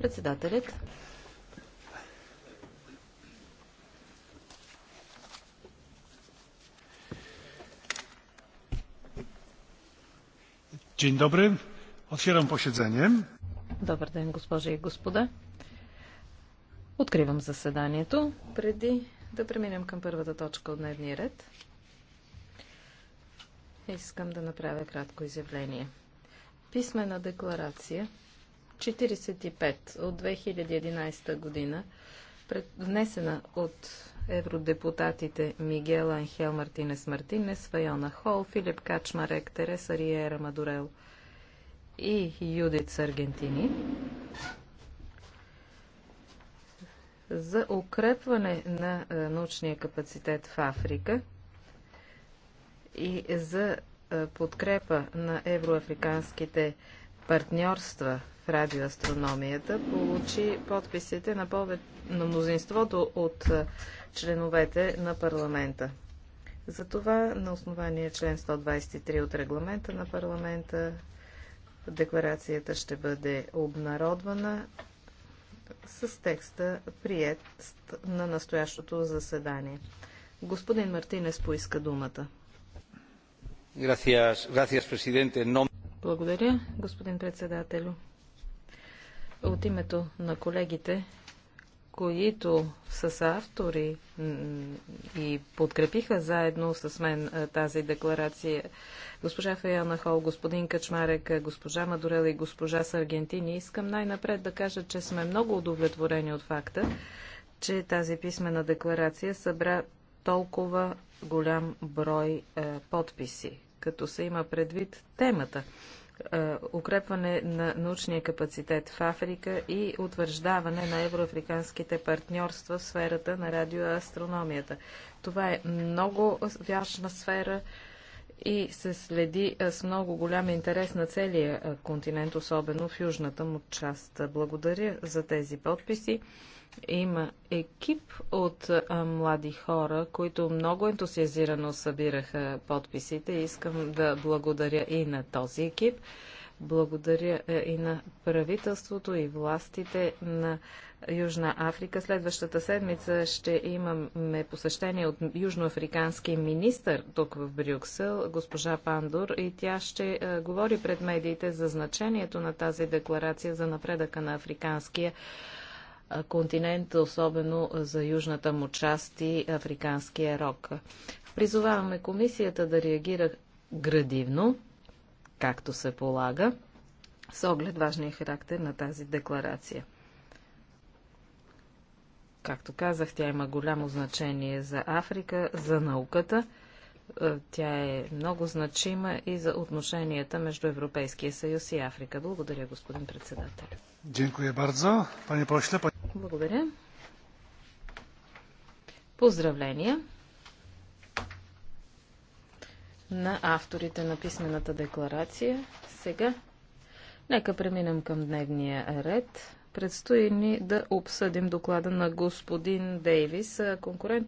Председателят. Dzień dobry. Otwieram posiedzenie. Добър ден, госпожи и господа. Откривам заседанието. Преди да преминем към първата точка от дневния ред, искам да направя кратко изявление. Писмена декларация 45 от 2011 година, внесена от евродепутатите Мигел Анхел Мартинес Мартинес, Файона Хол, Филип Качмарек, Тереса Риера Мадурел и Юдит Аргентини за укрепване на е, научния капацитет в Африка и за е, подкрепа на евроафриканските партньорства в радиоастрономията получи подписите на, пове... на мнозинството от е, членовете на парламента. Затова на основание член 123 от регламента на парламента декларацията ще бъде обнародвана с текста прият на настоящото заседание. Господин Мартинес поиска думата. Благодаря, господин председателю. От името на колегите, които са автори и подкрепиха заедно с мен тази декларация. Госпожа Фаяна Хол, господин Качмарек, госпожа Мадурел и госпожа Саргентини, искам най-напред да кажа, че сме много удовлетворени от факта, че тази писмена декларация събра толкова голям брой е, подписи, като се има предвид темата е, укрепване на научния капацитет в Африка и утвърждаване на евроафриканските партньорства в сферата на радиоастрономията. Това е много важна сфера, и се следи с много голям интерес на целия континент, особено в южната му част. Благодаря за тези подписи. Има екип от млади хора, които много ентусиазирано събираха подписите. Искам да благодаря и на този екип. Благодаря е, и на правителството и властите на Южна Африка. Следващата седмица ще имаме посещение от южноафрикански министр тук в Брюксел, госпожа Пандур, и тя ще е, говори пред медиите за значението на тази декларация за напредъка на африканския е, континент, особено за южната му част и африканския рок. Призоваваме комисията да реагира градивно както се полага, с оглед важния характер на тази декларация. Както казах, тя има голямо значение за Африка, за науката. Е, тя е много значима и за отношенията между Европейския съюз и Африка. Благодаря, господин председател. Дякую бардзо. Пане Благодаря. Поздравления на авторите на писмената декларация. Сега нека преминем към дневния ред. Предстои ни да обсъдим доклада на господин Дейвис. Конкурент